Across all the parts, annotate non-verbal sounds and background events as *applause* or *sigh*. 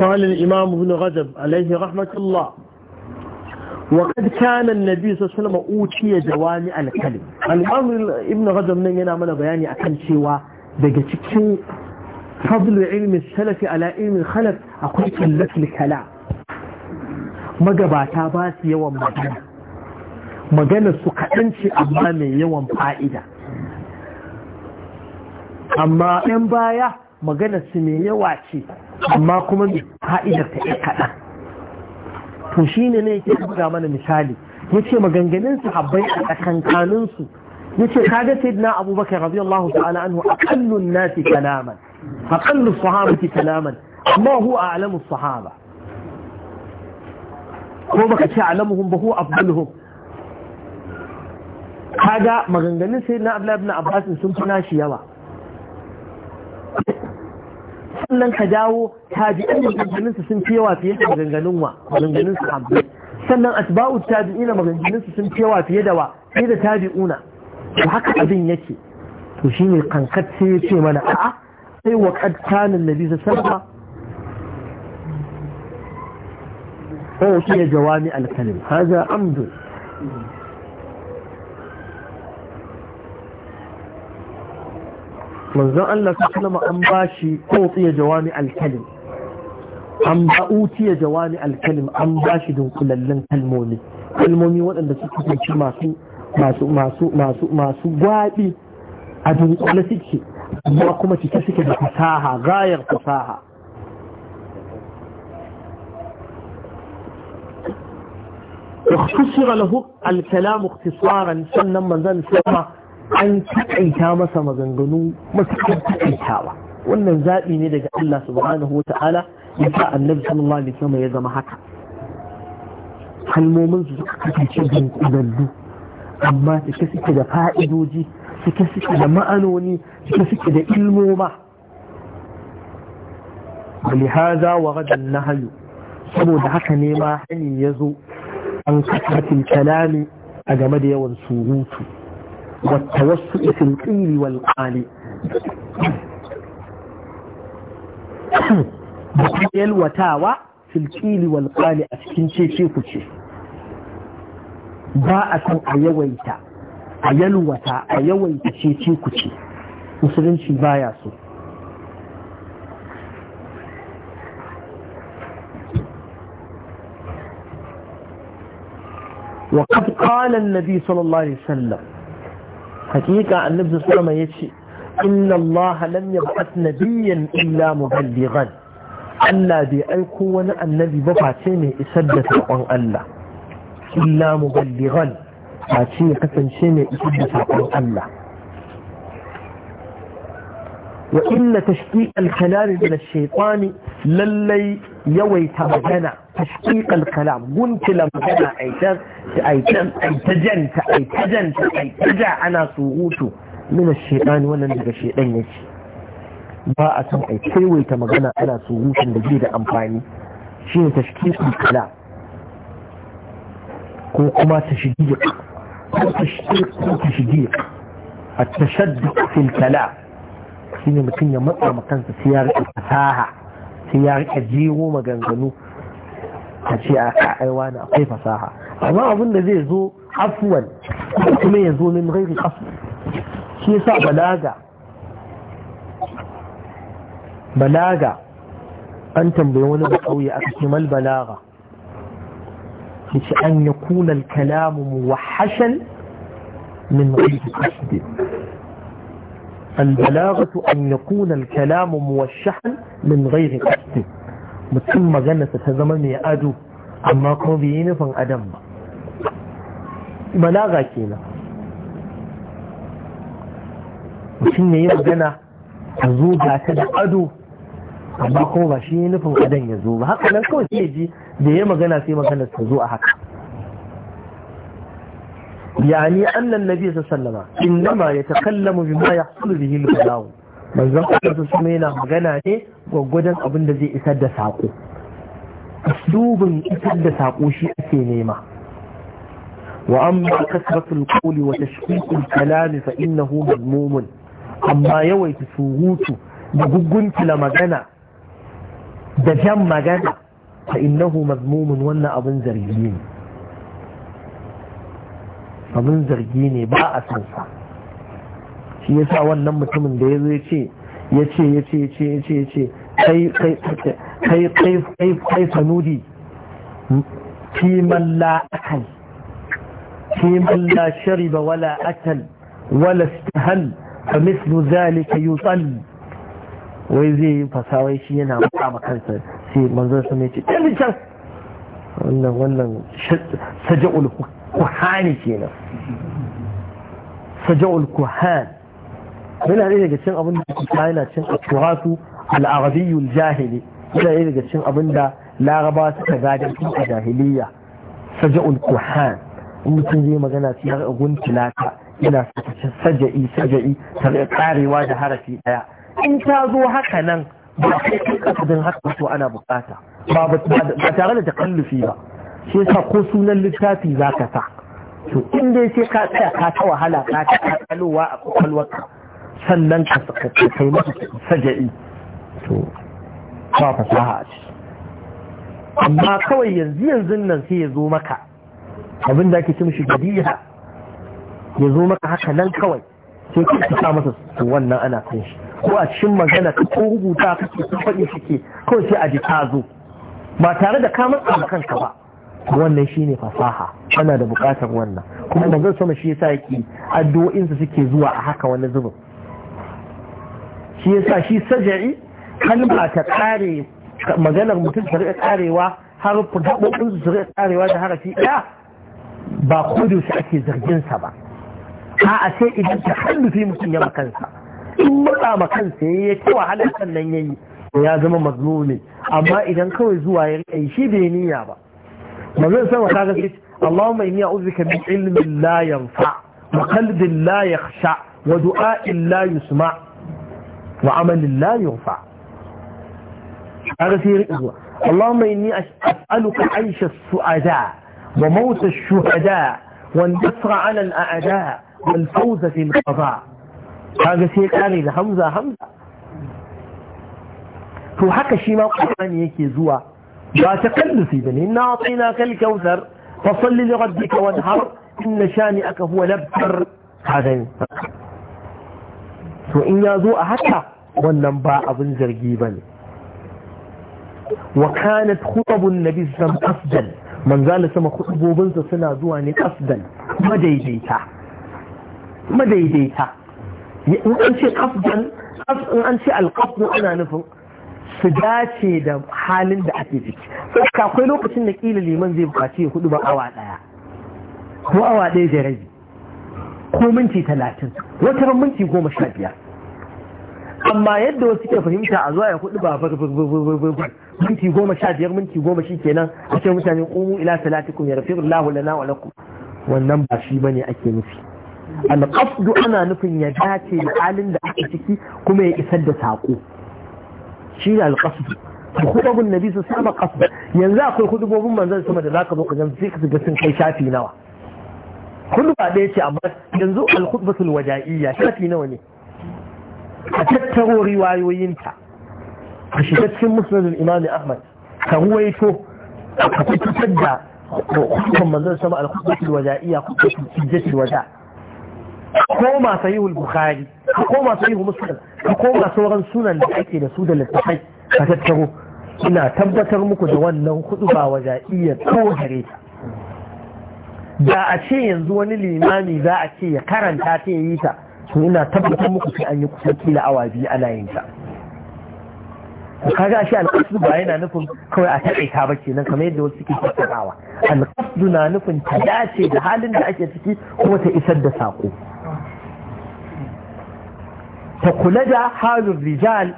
قال الإمام ابن غزب عليه رحمة الله وقد كان النبي صلى الله عليه وسلم أوتي جوامع الكلم الإمام ابن غزب من ينامنا بياني أكن شوى بجتكين فضل علم السلف على علم الخلف أقول كلف الكلام magabata ba su yawan magana magana su kaɗan ce amma mai yawan fa'ida amma ɗan baya Maganarsu su mai yawa ce amma kuma ha'idar ta ɗaya kaɗan to shi ne ne ke buga mana misali ya ce maganganun su habbai a tsakankanin su ya ce kaga sai na abubakar rabi Allah ta'ala anhu aƙallun nasi kalaman aƙallun ki kalaman amma hu a alamun sahaba ko baka ce alamuhum ba hu abdulhum kaga maganganun sai na abdullahi ibn abbas sun fi nashi yawa sannan ka dawo tabi'in maganganun su sun fiyawa fiye da maganganun wa maganganun su habbi sannan asba'u tabi'ina maganganun su sun fiyawa fiye da wa fiye da tabi'una to haka abin yake to shine kankat sai ya ce mana a'a sai wa qad kana annabi sallallahu alaihi wasallam oh, jawami al-kalim hada amdu manzon Allah sallama an bashi ko tsiya jawami alkalim an ba utiya jawami alkalim an bashi dunkulallin kalmomi kalmomi waɗanda suka kunci masu masu masu masu masu gwaɓi a dunkule suke amma kuma cike suke da fasaha gayar fasaha اختصر له الكلام اختصارا سنن من ذن سمع an taƙaita masa maganganu matuƙar taƙaitawa wannan zaɓi ne daga Allah subhanahu wa ta'ala ya sa annabi sallallahu alaihi wasallam ya zama haka kalmomin su suka kasance dunkulallu amma suke suke da fa'idoji suke suke da ma'anoni suke suke da ilmoma ولهذا ورد النهي سبو دهك نيما حني يزو عن كثرة الكلام أجمد يوان سوروتو والتوسع في القيل والقال بقيل وتاوى في القيل والقال أسكن شيء شيء كشي باءكم أيويتا أيلوتا أيويتا شيء شيء كشي مسلم شيء باياسو وقد قال النبي صلى الله عليه وسلم hakika annabi ya yace inna allaha lam yab'ath nabiyyan illa muballighan Allah bai aiko wani annabi ba face mai isar da sakon Allah illa muballighan face ya kasance mai isar da saƙon Allah wa inna tashqiq al-kalam min ash-shaytan lallai yawaita magana tashqiqal kalam guntila magana aitan aitan aitajanta aitajanta aitaja ana surutu min ash-shaytan wannan daga ya yake ba a san ai yawaita magana ana surutun da bai da amfani Shi shine tashqiqal kalam ko kuma ta tashdiq ko tashdiq ko a at-tashadduq fil kalam shine mutum ya matsa makansa sai ya rika fasaha sai ya rika jero maganganu a ce a ka'aiwa na akwai fasaha amma abin da zai zo afuwan kuma ya zo min gairi kafu shi yasa balaga balaga an tambayi wani da kauye aka ce mal balaga yace an yakuna al-kalamu muwahhashan min ghairi qasd البلاغة أن يكون الكلام موشحا من غير قصد mutum maganarsa ta zama mai ado amma kuma bai yi nufin adam ba balaga kenan mutum ya yi magana a zo ga ta da ado amma kuma ba shi yi nufin adam ya zo ba haka nan kawai sai ji da ya magana sai magana ta zo a haka يعني أن النبي صلى ya عليه وسلم إنما يتكلم بما يحصل به البلاغ من زمان سمينا مغنى ne gwaggwajen abin da zai isar da saƙo uslubin isar da saƙo shi ake nema wa amma kasratul qawli wa tashqiqul kalam fa innahu madmumun amma yawaita surutu da guguntula magana da jan magana fa innahu mazmumin wannan abin zargi ne abin zargi ne ba a sansa. Shi ya sa wannan mutumin da ya zo ya ce ya ce ya ce ya ce ya ce ya ce kai kai kai kai sanudi kiman man kiman la shariba wala akal wala istahal fa mislu zalika yusalli wai zai yi fasawai shi yana maka makarsa sai manzon sun ya ce ɗan wannan wannan saja'ul hukm kuhani kenan saja'ul kuhan yana ne daga cin abin da kuka yana cin akuratu al'arabiyyul jahili yana ne daga cin abin da laraba suka gada tun a jahiliya saja'ul kuhan in mutum zai magana su har guntula ta yana saja'i saja'i ta karewa da harafi daya in ta zo haka nan ba kai kasadin haka so ana bukata ba tare da takallufi ba shi sa ko sunan littafi za ka sa to in dai sai ka tsaya ka ta wahala ka ta kakalowa a kwakwalwarka sannan ka kai masa saja'i to ba fasaha a ce amma kawai yanzu yanzu nan sai ya zo maka abin da ake ce mishi gadiya ya zo maka haka nan kawai sai ka sa masa wannan ana kan shi ko a cikin magana ka ko rubuta kake ko shi ke kawai sai a ji ta zo ba tare da ka matsa kanka ba wannan shine fasaha ana da bukatar wannan kuma manzon sama shi yasa yake addu'o'insa suke zuwa a haka wani zubin shi yasa shi sajai kalma ta kare maganar mutum ta rika karewa har fudabobin su rika karewa da harafi ɗaya ba kudu su ake zargin sa ba a sai idan ta hannufi mutum ya kansa. in matsa kansa ya yi ta wahalar nan ya yi ya zama mazlumi amma idan kawai zuwa ya yi shi bai niyya ba ما زلت سمع تعالى اللهم إني أعوذ بك من علم لا ينفع وقلب لا يخشع ودعاء لا يسمع وعمل لا يرفع هذا سير إذوة اللهم إني أسألك عيش السعداء وموت الشهداء والنصر على الأعداء والفوز في القضاء هذا سير آلي لحمزة حمزة فهو حكا شيء ما قلت يكي زوى فتقدس إذن إن أعطيناك الكوثر فصل لربك وانهر إن شانئك هو لبتر هذا وإن يذو أهكا ونباء بنزر جيبا وكانت خطب النبي السلام أفضل من ذال سما خطب بنزر سنة ذواني أفضل ما ديديتا ما ديديتا أنشي يعني قفضا أنشي القفض وأنا نفق su dace da halin da ake ciki saboda akwai lokacin da kila liman zai bukaci ya hudu ba awa daya ko awa daya da rabi ko minti talatin wata minti goma sha biyar amma yadda wasu ke fahimta a zuwa ya hudu ba minti goma sha biyar minti goma shi kenan a ce mutane ƙumu ila salatikum ya rafi lahu lana wa lakum wannan ba shi bane ake nufi alƙafdu ana nufin ya dace da halin da ake ciki kuma ya isar da saƙo shi ne alƙasdu hudubun nabi su sama ƙasdu yanzu akwai hudubobin manzan sama da zaka zo ka gan sai ka ga sun kai shafi nawa huduba ɗaya ce amma yanzu alhudubatul waja'iyya shafi nawa ne a tattaro riwayoyinta a shiga cikin musnadul imam ahmad ka ruwaito ka fitar da hukumar manzan sama alhudubatul waja'iyya hudubatul hijjatul waja'iyya koma sahihul bukhari ka koma sahihu muslim ka koma sauran sunan da ake da su da littafai ka tattaro ina tabbatar muku da wannan hudu ba waje iya tsohare ta da a ce yanzu wani limami za a ce ya karanta ta yi ta to ina tabbatar muku sai an yi kusan kila awa biyu ana yin ta kaga shi alƙasdu ba yana nufin kawai a taƙaita ba kenan kamar yadda wasu suke tattarawa alƙasdu na nufin ta dace da halin da ake ciki ko ta isar da sako ta kula da halin rijal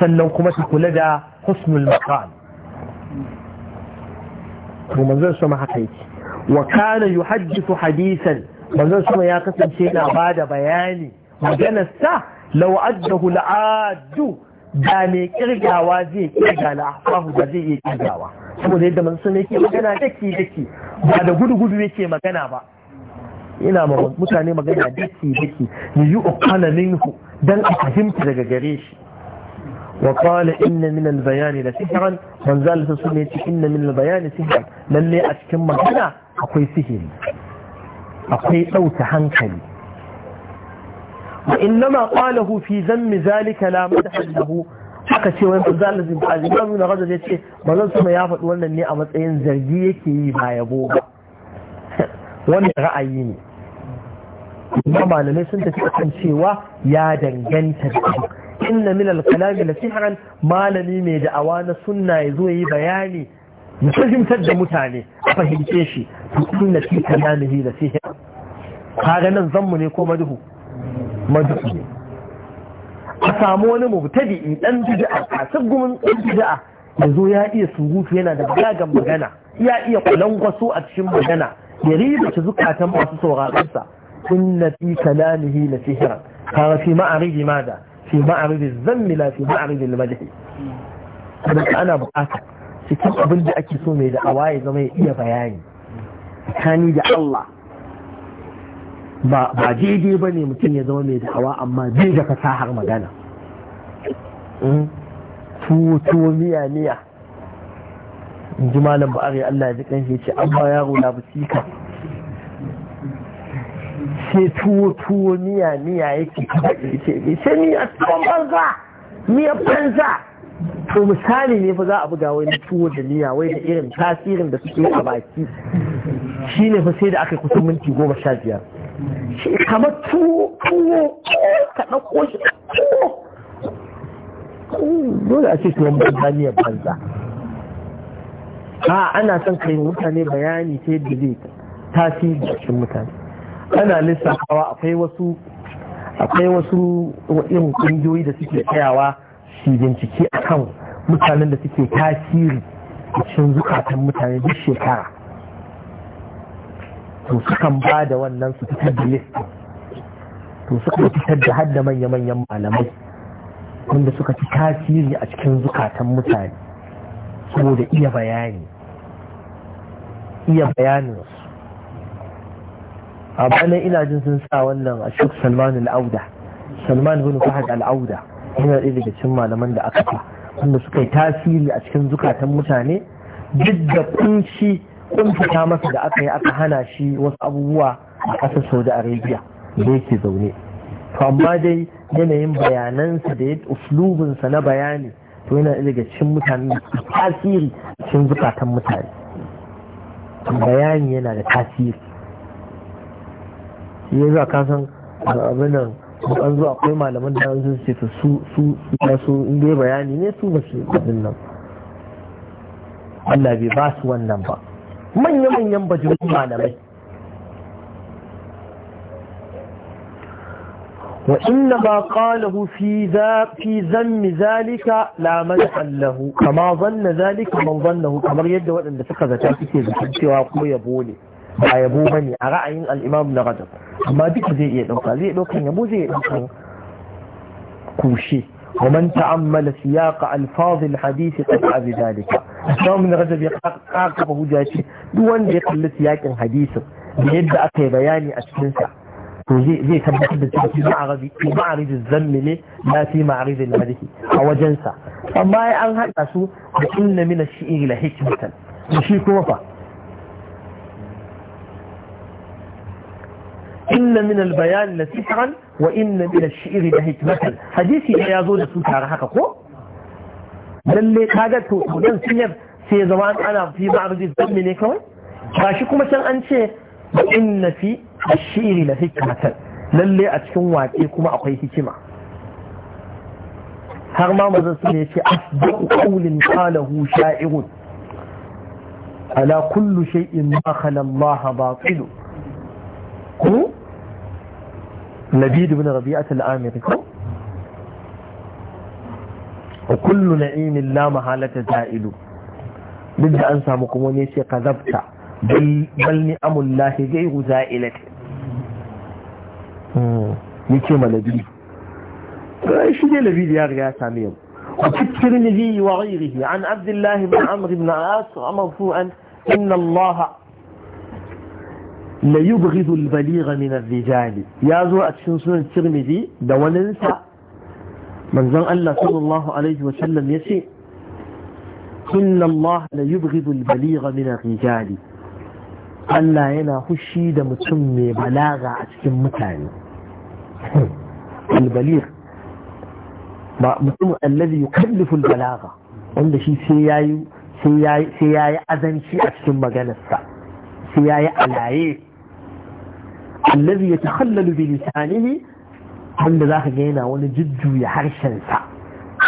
sannan kuma ta kula da husnul maqal to manzon sama haka yake wa kana yuhaddithu hadisan manzon sama ya kasance yana bada bayani magana sa law addahu la'addu da mai kirgawa zai kirga la'afahu da zai iya kirgawa saboda yadda manzon sama yake magana daki daki ba da gudu gudu yake magana ba ina mutane magana daki daki yu'qana minhu dan a fahimta daga gare shi wa qala inna min al-bayan la sihran man zal sunni inna min al-bayan sihran a cikin magana akwai sihiri akwai ɗauta hankali wa innama qalahu fi zammi zalika la madha lahu haka ce wani manzo Allah zai faɗi ba nuna gaza zai ce manzon sama ya faɗi wannan ne a matsayin zargi yake yi ba yabo ba *laughs* wannan ra'ayi ne kuma malamai sun tafi kan cewa ya danganta da abu inna min al-kalami la malami mai da'awa na sunna yazo zo yi bayani ya fahimtar da mutane a fahimce shi to inna fi kalamihi la sihr kaga nan zanmu ne ko madhu madhu ne a samu wani mubtadi'i dan bid'a a sabgumin dan bid'a ya zo ya iya surutu yana da gagan magana ya iya kwalangwaso a cikin magana ya riba ta zukatan masu sauraron kunna fi kalamihi la sihra kaga fi ma'arij mada fi ma'arij az-zamm la fi ma'arij al ana bukata cikin abin ake so mai da'awa ya zama ya iya bayani tsakani da Allah ba daidai ba ne mutum ya zama mai da'awa amma bai da fasahar magana tuwo tuwo miya miya in ji malam ba'ari Allah ya ji kan shi ce an ba yaro na basika sai tuwo tuwo miya miya yake sai miya tuwon banza miya banza to misali ne fa za a buga wani tuwo da miya wai da irin tasirin da suke a baki shi ne fa sai da aka kusan minti goma sha biyar kamar tuwo tuwo ka ɗauko shi tuwo dole a ce tuwon banza miya banza a ana son kai mutane bayani ta yadda zai tasiri cikin mutane ana lissafawa akwai wasu akwai wasu irin kungiyoyi da suke tsayawa su bincike kan mutanen da suke tasiri a cikin zukatan mutane duk shekara to sukan ba da wannan su fitar da listin to suka fitar da hadda manya-manyan malamai wanda suka fi tasiri a cikin zukatan mutane saboda iya bayani iya bayaninsu a bana ina jin sun sa wannan a shuk salman al'auda salman bin fahad al'auda yana ɗaya daga cikin malaman da aka fa wanda suka yi tasiri a cikin zukatan mutane duk da kunci masa da aka yi aka hana shi wasu abubuwa a ƙasar saudi arabia da yake zaune to amma dai yanayin bayanansa da uslubinsa na bayani to yana daga cikin mutane tasiri a cikin zukatan mutane bayani yana da tasiri ya za ka san abin nan an zo akwai malaman da sun ce ta su su ta su in dai bayani ne su ba su abin nan Allah bai ba su wannan ba manya-manyan bajin malamai وإنما قاله في, ذا في ذم allahu kama منحا zalika man ظن ذلك من ظنه كما يدوى أن تفقد تأتي بحجة وقوية bole. ba yabo ba ne a ra'ayin al'imam na rajab amma duka zai iya ɗauka zai ɗaukan yabo zai iya ɗaukan kushe ومن تعمل سياق الفاظ الحديث قطع بذلك الشام من رجب يقاقبه جاشي دون يقل سياق الحديث بيبدأ في بياني أشكنسة زي تبدأ في معرض في معرض الذم لا في معرض المدح أو جنسة أما أنها تسو بإن من الشيء لحكمة الشيء كوفة إن من البيان لسحرا وإن من الشعر لهكمة حديث يزود سكر حقه للي تاجته من سير سيزوان أنا في بعض الزمن من يكون فاشكو مثلا أنت إن في الشعر لهكمة للي أتكون واتيكم أقوي هكمة هرما مزن سنيتي أصدق قول قاله شاعر ألا كل شيء ما خلى الله باطل كو nabidu bin rabi'at al-amir ko wa kullu na'imin la mahalata za'ilu duk da an samu kuma ne sai kazabta bal ni'amul lahi ghayru za'ilat hmm, yace ma nabidu shi ne nabidu ya riga وغيره عن عبد الله بن عمرو بن عاص مرفوعا إن الله ليبغض البليغ من الرجال يا زو اتشن سنة الترمذي دوننسا من زن الله صلى الله عليه وسلم يسي إن الله ليبغض البليغ من الرجال ألا ينا خشي دمتمي بلاغة اتشن متاني *laughs* البليغ ما متم الذي يكلف البلاغة عند شي سيايو سيايا أذن شي أتشن مغانسا سيايا ألايه الذي يتخلل بلسانه عند ذاك جينا ونجد يحرش سا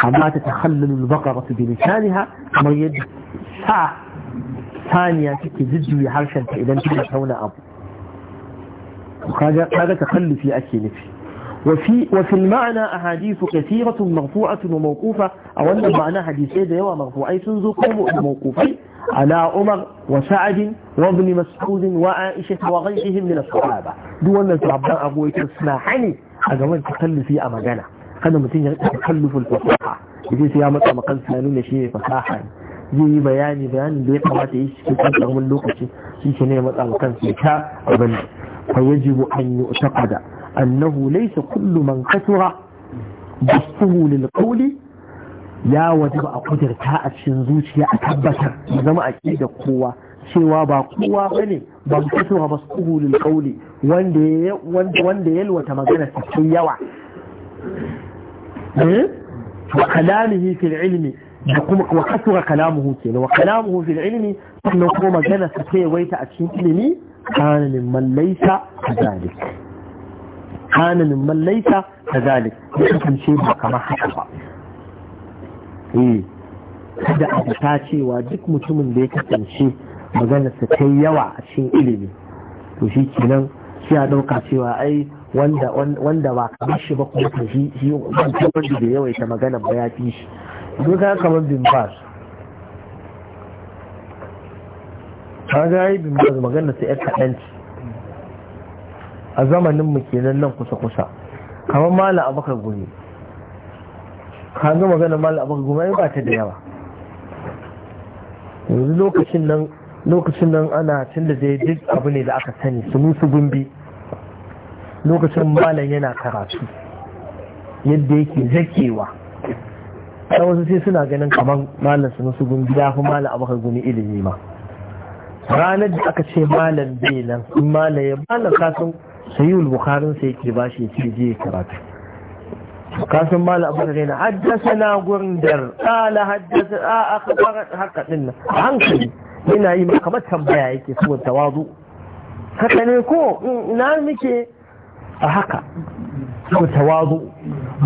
كما تتخلل البقرة بلسانها كما يد سا ثانية يحرش يحرشن إذا انت تكون أبو وكذا تخلفي أكي نفسي وفي, وفي المعنى أحاديث كثيرة مرفوعة وموقوفة أو أن المعنى حديثي ديوى مرفوعي سنزقهم موقوفي على عمر وسعد وابن مسعود وعائشة وغيرهم من الصحابة دون الزعباء أبو يتسمحني أجوان a magana kada mutum ya takallafa fasaha idan sai ya matsa makan sa nuna shi fasaha zai yi bayani bayanin da ya kamata yi cikin kan karamin lokaci shi ke ne ya matsa makan a ta abin fa أنه ليس كل من كثر بسطه للقول يا وجب أقدر تاء الشنزوش يا أتبتر زما أكيد قوة cewa ba kowa ba ne ba fitowa ba su kauli wanda ya lwata magana cikin yawa wa kalamihi fil ilmi da kuma wa kasura kalamuhu kenan wa kalamuhu fil ilmi sannan kuma magana ta a cikin ilimi kana min man kana min mallaita ka zalik ya ce ba kamar haka ba eh kada a ta cewa duk mutumin da ya kasance maganarsa ta yawa a cikin ilimi to shi kenan shi ya ɗauka cewa ai wanda ba kamar shi ba kuma ta shi shi wanda wanda da yawaita magana ba ya fi shi duk ka kamar bin bas ka ga yi bin bas su sa yar a zamanin mu kenan nan kusa kusa kamar mala abakar gumi ka ga magana mala abakar gumi ai ba ta da yawa yanzu lokacin nan lokacin nan ana tun da zai duk abu ne da aka sani su musu gumbi lokacin malam yana karatu yadda yake zakewa sai wasu sai suna ganin kamar malam su musu gumbi da fi malam abakar gumi ilimi ma ranar da aka ce malam bai nan malam malam kasan sayi bukharin sai ke ba shi ce je karatu kasan malam abu da rena haddasa na gundar tsala haddasa a aka fara haka din nan a hankali yana yi maka tambaya yake so tawazu haka ne ko na muke a haka so tawazu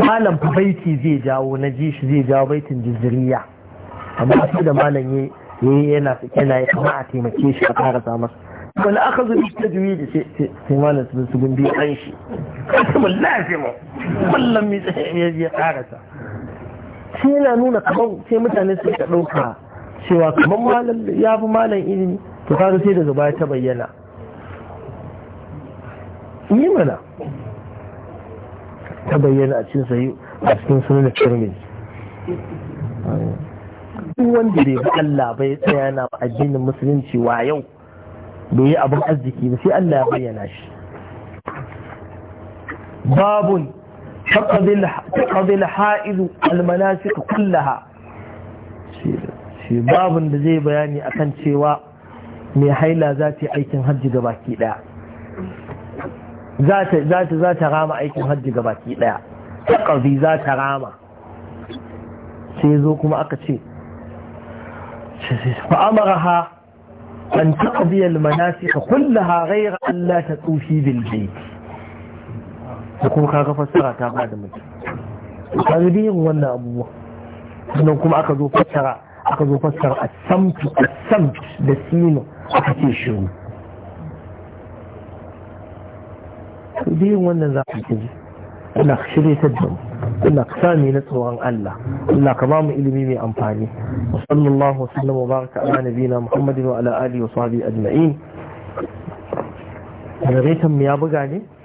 malam baiti zai jawo na ji shi zai jawo baitin jizziriya amma su da malam yi. yayi yana yana ya kama a taimake shi a kara masa wani aka zo ta juyi da sai malam sun su gundi an shi kasa wallahi sai mu wallan mi ya karasa sai yana nuna kamar sai mutane su ka dauka cewa kamar malam ya fi malam ilimi to kaga sai da zuba ta bayyana yi mana ta bayyana a cikin sayu a cikin sunan da kirmin duk wanda bai bi Allah ba ya tsaya na addinin musulunci wa yau bai yi abin arziki ba sai Allah ya bayyana shi babun taqdi al-ha'id al-manasik kullaha shi babun da zai bayani akan cewa mai haila za ta yi aikin hajji gabaki daya za ta za ta rama aikin hajji gabaki daya taqdi za ta rama sai zo kuma aka ce فأمرها أن تقضي المناسك كلها غير أن لا تتوفي بالبيت يقول كاغا سرعة تابعد منك تغذير وانا أبوه أنكم أخذوا فسرة أخذوا فسرة السمت السمت دسينو أخذي شروع هو أن ذاك الكذب أنا أخشري تدعو Ina ka na tsoron Allah Allah ka ba mu ilimi mai amfani wa sallallahu wasallam wa baraka ala nabina Muhammadin wa ala alihi wa sahbihi ajma'in Generator mu ya buga ne?